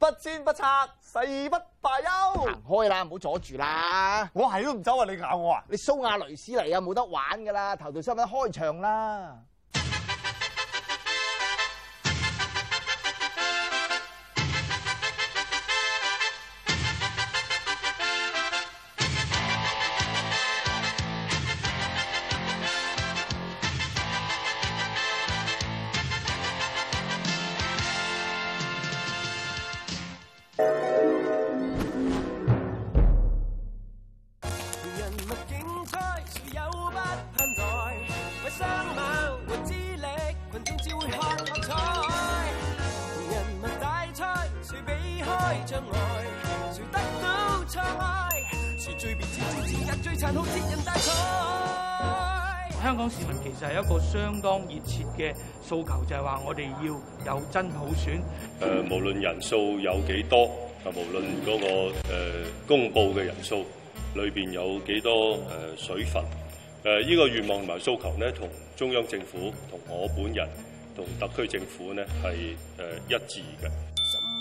不戰不拆，誓不罷休。行開啦，唔好阻住啦。我係都唔走啊！你咬我啊！你蘇亞雷斯嚟呀、啊，冇得玩㗎啦，頭條新聞開場啦。香港市民其實係一個相當熱切嘅訴求，就係話我哋要有真普選、呃。誒，無論人數有幾多，啊，無論嗰、那個、呃、公佈嘅人數裏面有幾多、呃、水分，誒、呃、呢、這個願望同埋訴求呢，同中央政府、同我本人、同特區政府呢，係、呃、一致嘅。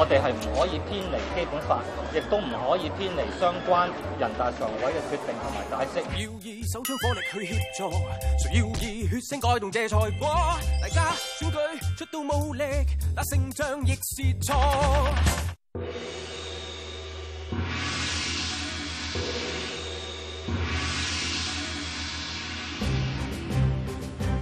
我哋係唔可以偏離基本法，亦都唔可以偏離相關人大常委嘅決定同埋解釋。誰要以手槍火力去協助，誰要以血腥改動這賽果？大家選舉出動武力，打勝仗亦是錯。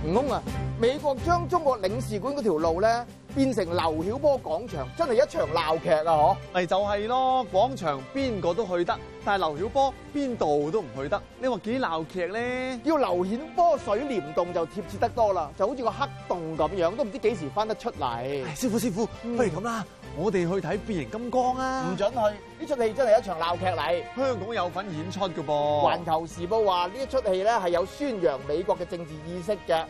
悟空啊，美國將中國領事館嗰條路咧。變成劉曉波廣場，真係一場鬧劇啊！嗬，咪就係、是、咯，廣場邊個都去得，但係劉曉波邊度都唔去得。你話幾鬧劇咧？叫劉曉波水簾洞就貼切得多啦，就好似個黑洞咁樣，都唔知幾時翻得出嚟。師傅師傅，不如咁啦、嗯，我哋去睇變形金剛啊！唔准去，呢出戲真係一場鬧劇嚟。香港有份演出㗎噃，《環球時報》話呢一出戲咧，係有宣揚美國嘅政治意識嘅。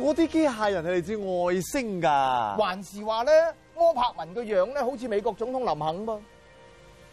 嗰啲機械人係嚟自外星㗎，還是話呢？柯柏文個樣呢，好似美國總統林肯噃，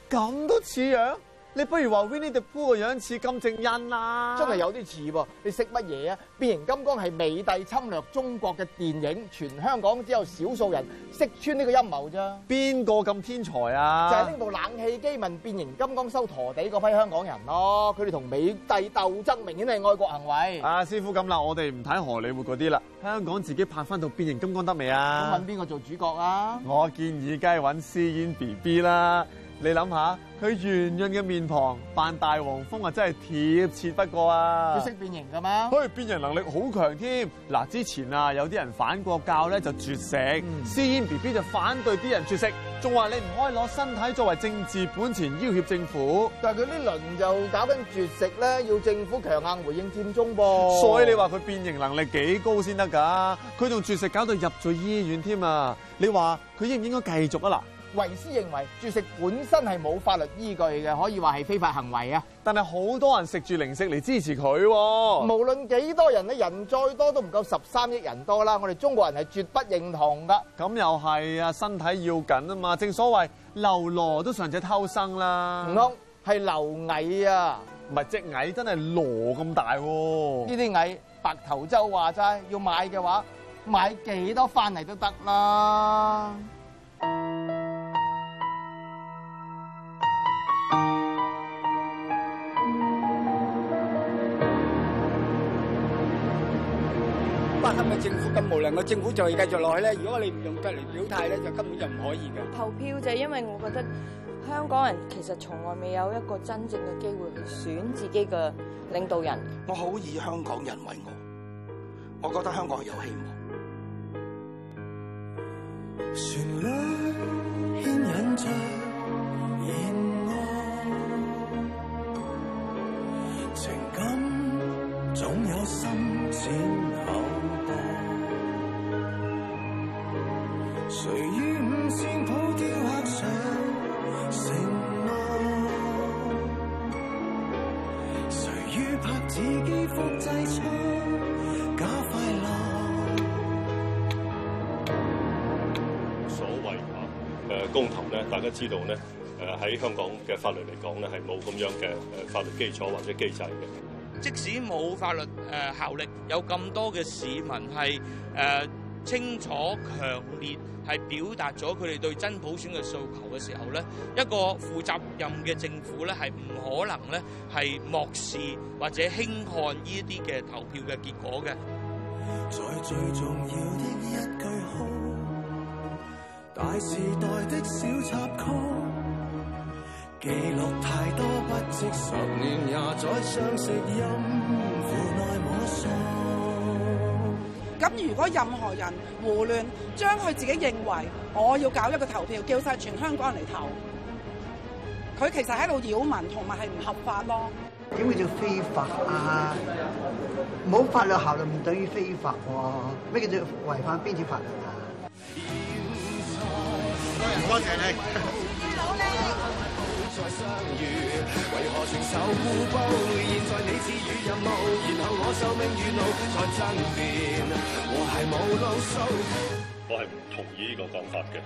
咁都似樣。你不如話 Winnie The Pooh 個樣似金正恩啦、啊，真係有啲似喎。你識乜嘢啊？變形金剛係美帝侵略中國嘅電影，全香港只有少數人識穿呢個陰謀啫。邊個咁天才啊？就係拎到冷氣機問變形金剛收陀地嗰批香港人咯、啊，佢哋同美帝鬥爭，明顯係愛國行為。啊，師傅咁啦，我哋唔睇荷里活嗰啲啦，香港自己拍翻套變形金剛得未啊？問邊個做主角啊？我建議梗係揾私煙 BB 啦。你諗下，佢圓潤嘅面龐扮大黃蜂啊，真係貼切不過啊！佢識變形噶咩？佢以變形能力好強添。嗱，之前啊，有啲人反國教咧就絕食、嗯、，私煙 BB 就反對啲人絕食，仲話你唔可以攞身體作為政治本錢要挾政府。但係佢呢輪又搞緊絕食咧，要政府強硬回應佔中噃、啊。所以你話佢變形能力幾高先得噶？佢仲絕食搞到入咗醫院添啊！你話佢應唔應該繼續啊？嗱？維斯認為絕食本身係冇法律依據嘅，可以話係非法行為啊！但係好多人食住零食嚟支持佢、啊，無論幾多人，你人再多都唔夠十三億人多啦！我哋中國人係絕不認同噶。咁又係啊，身體要緊啊嘛！正所謂流螺都上者偷生啦，唔通係留蟻啊？唔係，隻蟻真係螺咁大、啊。呢啲蟻，白頭洲話齋，要買嘅話，買幾多翻嚟都得啦。是不堪嘅政府，咁無良嘅政府，就要繼續落去咧。如果你唔用腳嚟表態咧，就根本就唔可以嘅。投票就係因為我覺得香港人其實從來未有一個真正嘅機會去選自己嘅領導人。我好以香港人為傲，我覺得香港有希望。旋律牽引着熱愛，情感總有心剪。公投咧，大家知道咧，誒喺香港嘅法律嚟講咧，係冇咁樣嘅誒法律基礎或者機制嘅。即使冇法律誒、呃、效力，有咁多嘅市民係誒、呃、清楚、強烈係表達咗佢哋對真普選嘅訴求嘅時候咧，一個負責任嘅政府咧係唔可能咧係漠視或者輕看呢啲嘅投票嘅結果嘅。在最重要的一句號。大時代的小插曲記錄太多不十年也在相信音無奈我說，咁如果任何人胡亂將佢自己認為我要搞一個投票叫晒全香港人嚟投佢，其實喺度擾民同埋係唔合法咯。點會叫非法啊？冇法律效力唔等於非法喎，咩叫做違反邊條法律啊？多謝，謝你。我係唔同意呢個講法嘅。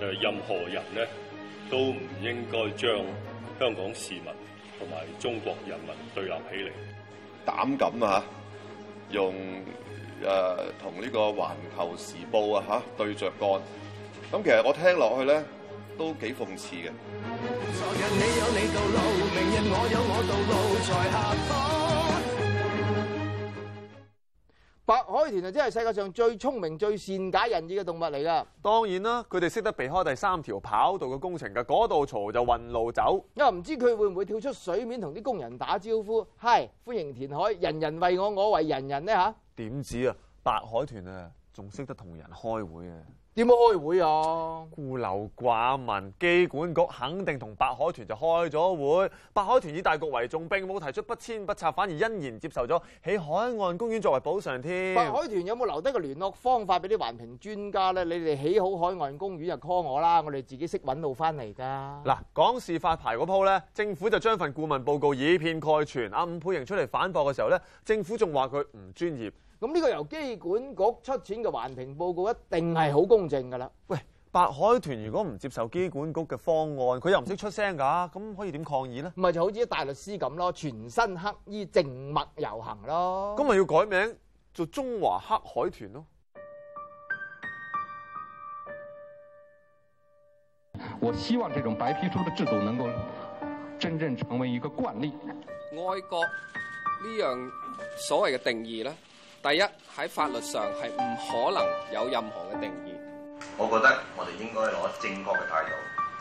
誒，任何人咧都唔應該將香港市民同埋中國人民對立起嚟。膽敢啊！吓，用誒同呢個環球時報啊吓、啊、對着幹。咁其實我聽落去咧，都幾諷刺嘅。昨日你有你道路，明日我有我道路。白海豚啊，真係世界上最聰明、最善解人意嘅動物嚟㗎。當然啦，佢哋識得避開第三條跑道嘅工程㗎，嗰度嘈就運路走。又唔知佢會唔會跳出水面同啲工人打招呼，係歡迎填海，人人為我，我為人人呢吓。點知啊，白海豚啊，仲識得同人開會啊。點樣開會啊？孤陋寡聞，機管局肯定同白海豚就開咗會。白海豚以大局為重，並冇提出不遷不拆，反而欣然接受咗起海岸公園作為補償添。白海豚有冇有留得個聯絡方法俾啲環評專家呢？你哋起好海岸公園就 call 我啦，我哋自己識揾路返嚟㗎。嗱，講事發牌嗰鋪呢，政府就將份顧問報告以偏概全。阿伍佩瑩出嚟反駁嘅時候呢，政府仲話佢唔專業。咁、這、呢個由機管局出錢嘅環評報告一定係好公正㗎啦！喂，白海豚如果唔接受機管局嘅方案，佢又唔識出聲㗎，咁可以點抗議呢？唔係就好似大律師咁咯，全身黑衣靜默遊行咯。咁咪要改名做中華黑海豚咯？我希望這種白皮書的制度能夠真正成為一個慣例。愛國呢樣所謂嘅定義咧？第一，喺法律上係唔可能有任何嘅定義。我覺得我哋應該攞正確嘅態度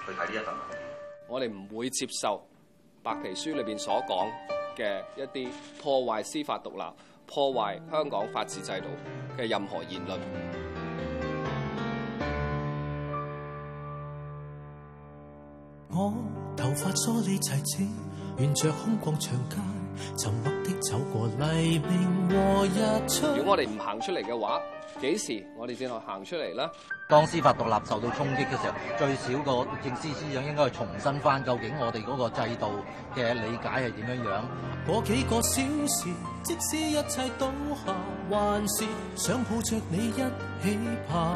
去睇呢一份文件。我哋唔會接受白皮書裏邊所講嘅一啲破壞司法獨立、破壞香港法治制度嘅任何言論。我頭髮梳理齊整。沿着空曠長街，沉默的走過黎明和日出。如果我哋唔行出嚟嘅話，幾時我哋先可行出嚟呢？當司法獨立受到衝擊嘅時候，最少個律政司司長應該去重新翻，究竟我哋嗰個制度嘅理解係點樣樣？嗰幾個小時，即使一切倒下，還是想抱着你一起爬。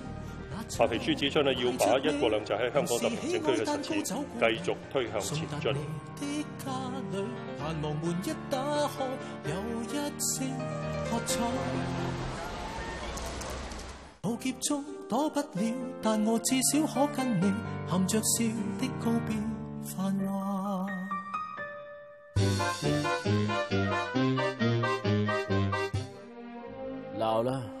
白皮書指出，要把一國兩制喺香港特別行政區嘅實踐繼續推向前進。老了。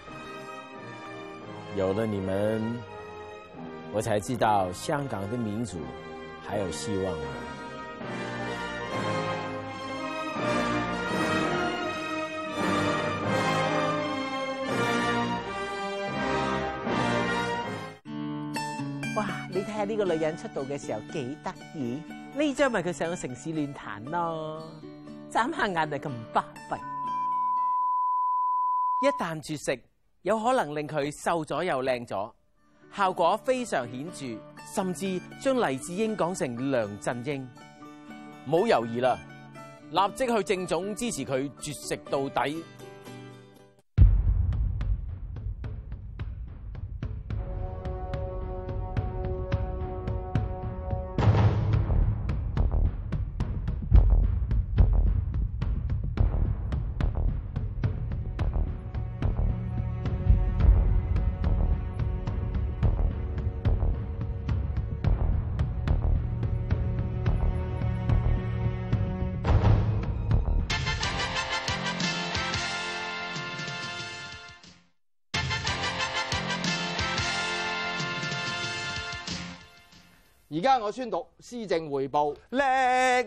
有了你們，我才知道香港的民主還有希望啊！哇，你睇下呢個女人出道嘅時候幾得意，呢張咪佢上《城市論壇》咯，眨下眼就咁巴閉，一啖住食。有可能令佢瘦咗又靚咗，效果非常顯著，甚至將黎智英講成梁振英。唔好猶豫啦，立即去政總支持佢絕食到底。而家我宣讀施政匯報。叻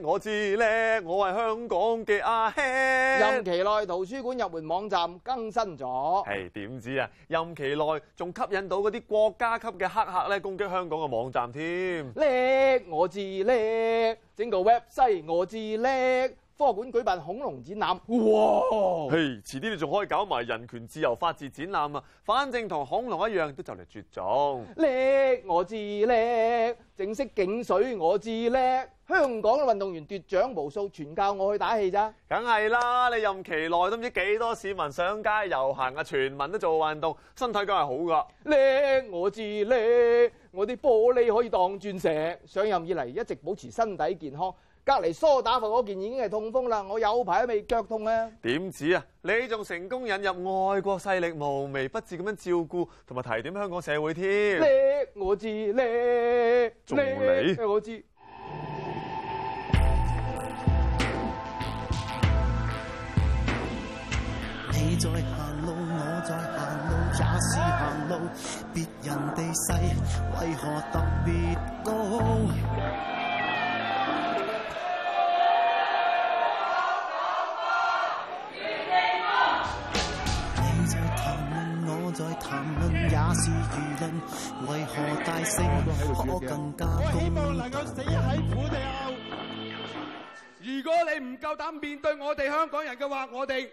我知叻，我係香港嘅阿兄。任期內圖書館入門網站更新咗。係點知啊？任期內仲吸引到嗰啲國家級嘅黑客咧攻擊香港嘅網站添。叻我知叻，整個 Web 西我知叻。科學館舉辦恐龍展覽，哇！嘿，遲啲你仲可以搞埋人權、自由、法治展覽啊！反正同恐龍一樣，都就嚟絕種。叻我至叻，整式警水我至叻。香港嘅運動員奪獎無數，全靠我去打氣咋？梗係啦！你任期內都唔知幾多市民上街遊行啊！全民都做運動，身體梗係好噶。叻我至叻，我啲玻璃可以當鑽石。上任以嚟，一直保持身體健康。隔離梳打服嗰件已經係痛風啦，我有排未腳痛啊！點止啊？你仲成功引入外國勢力，無微不至咁樣照顧同埋提點香港社會添？叻我知叻，叻你我知。你在行路，我在行路，假使行路。別人地勢為何特別多？我輿論為何大聲我更加高？我希望能夠死喺苦地後，如果你唔夠膽面對我哋香港人嘅話，我哋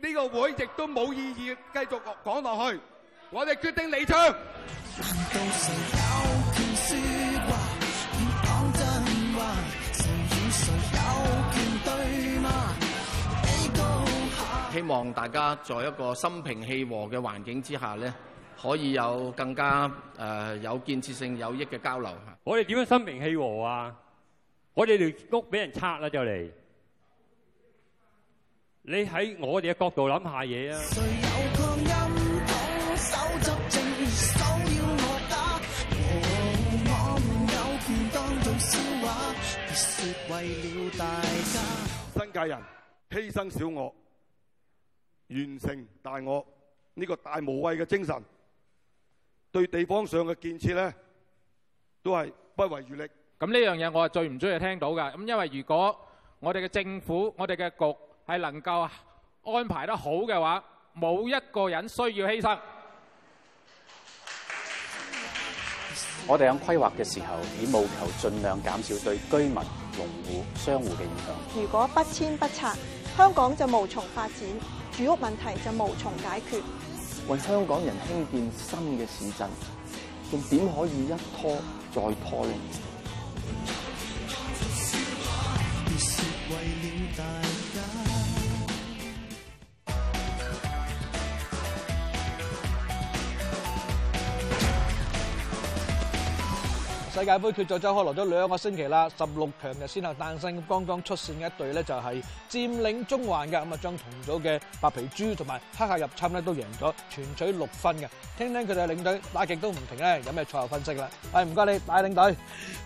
呢個會亦都冇意義，繼續講落去，我哋決定離場。希望大家在一個心平氣和嘅環境之下呢。可以有更加、呃、有建設性有益嘅交流。我哋點樣心平氣和啊？我哋條屋俾人拆啦就嚟。你喺我哋嘅角度諗下嘢啊！新界人犧牲小我，完成大我呢個大無畏嘅精神。對地方上嘅建設咧，都係不遺餘力。咁呢樣嘢我係最唔中意聽到嘅。咁因為如果我哋嘅政府、我哋嘅局係能夠安排得好嘅話，冇一個人需要犧牲。 我哋響規劃嘅時候，以務求盡量減少對居民、農戶、商戶嘅影響。如果不遷不拆，香港就無從發展，住屋問題就無從解決。為香港人興建新嘅市鎮，仲點可以一拖再拖呢？ 世界盃決賽周開鑼咗兩個星期啦，十六強日先後誕生，剛剛出線嘅一隊咧就係佔領中環嘅。咁啊，將同組嘅白皮豬同埋黑客入侵咧都贏咗，全取六分嘅。聽聽佢哋嘅領隊打極都唔停咧，有咩賽後分析啦？係唔該你，大領隊。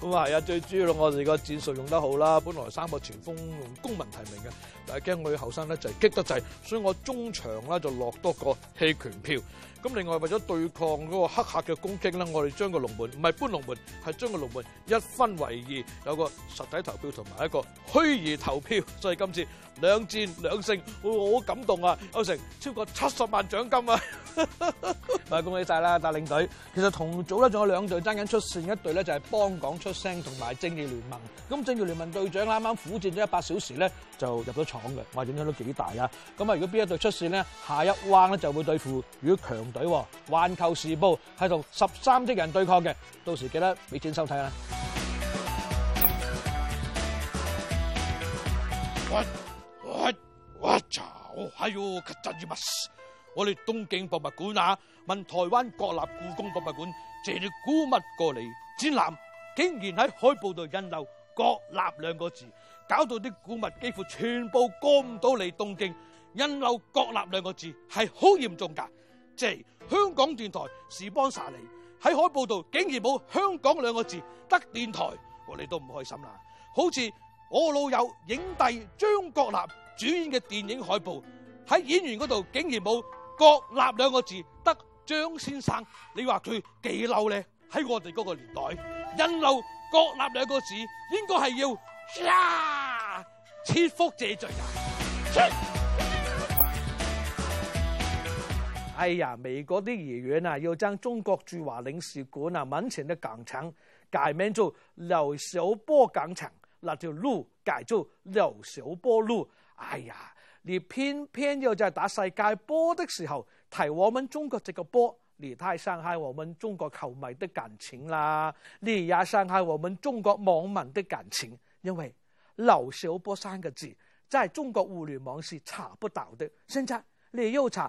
咁啊係啊，最主要我哋個戰術用得好啦，本來三個前鋒用公民提名嘅，但係驚我啲後生咧就係激得滯，所以我中場咧就落多個棄權票。咁另外為咗對抗嗰個黑客嘅攻擊咧，我哋將個龍門唔係搬龍門，係將個龍門一分為二，有個實體投票同埋一個虛擬投票，所以今次兩戰兩勝，我好感動啊！有成超過七十萬獎金啊！係恭喜曬啦，大領隊！其實同組咧仲有兩隊爭緊出線，一隊咧就係幫港出聲同埋正義聯盟。咁正義聯盟隊長啱啱苦戰咗一百小時咧，就入咗廠嘅，話影響都幾大啊！咁啊，如果邊一隊出線咧，下一彎咧就會對付如果強。隊環球時報係同十三億人對抗嘅，到時記得俾錢收睇啦。我我我查，哎呦，吉扎爾巴斯，我哋東京博物館啊，問台灣國立故宮博物館借啲古物過嚟展覽，竟然喺海報度印漏國立兩個字，搞到啲古物幾乎全部過唔到嚟東京。印漏國立兩個字係好嚴重噶。即香港電台士邦晒你喺海報度竟然冇香港兩個字，得電台我哋都唔開心啦。好似我老友影帝張國立主演嘅電影海報喺演員度竟然冇國立兩個字，得張先生，你話佢幾嬲？咧？喺我哋個年代，印漏國立兩個字應該係要啊，切腹謝罪啊。哎呀，美國啲議員啊，要將中國駐華領事館啊門前嘅廣場改名做劉曉波廣場，那條路改做劉曉波路。哎呀，你偏偏要在打世界波的時候提我們中國這個波，你太傷害我們中國球迷的感情啦！你也傷害我們中國網民的感情，因為劉曉波三個字在中國互聯網是查不到的。現在你又查？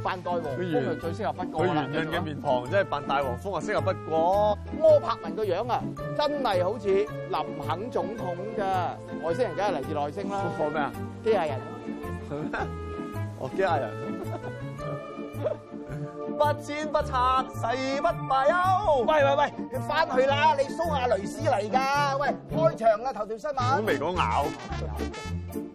扮大王，佢圓潤最適合不過啦。佢圓潤嘅面龐真係扮大黃蜂又適合不過。柯柏文個樣啊，真係好似林肯總統㗎。外星人梗係嚟自內星啦。放咩啊？機械人。係咩？哦，機械人。不戰不殺，誓不罷休。喂喂喂，你翻去啦！你蘇亞雷斯嚟噶。喂，開場啦！頭條新聞。我未講咬。